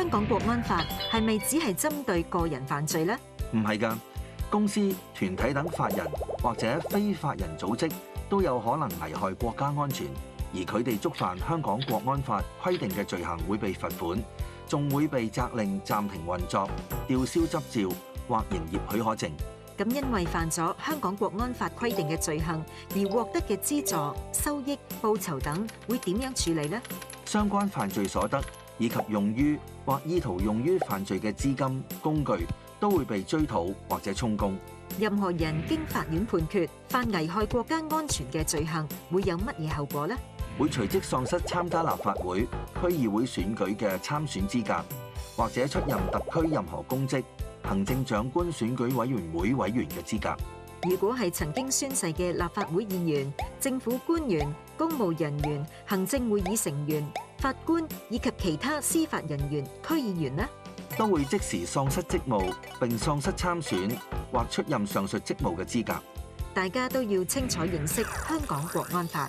香港國安法係咪只係針對個人犯罪呢？唔係噶，公司、團體等法人或者非法人組織都有可能危害國家安全，而佢哋觸犯香港國安法規定嘅罪行會被罰款，仲會被責令暫停運作、吊銷執照或營業許可證。咁因為犯咗香港國安法規定嘅罪行而獲得嘅資助、收益、報酬等，會點樣處理呢？相關犯罪所得。以及用於或意圖用於犯罪嘅資金工具都會被追討或者充公。任何人經法院判決犯危害國家安全嘅罪行，會有乜嘢後果呢？會隨即喪失參加立法會、區議會選舉嘅參選資格，或者出任特區任何公職、行政長官選舉委員會委員嘅資格。如果係曾經宣誓嘅立法會議員、政府官員、公務人員、行政會議成員。法官以及其他司法人員、區議員呢，都會即時喪失職務，並喪失參選或出任上述職務嘅資格。大家都要清楚認識香港國安法。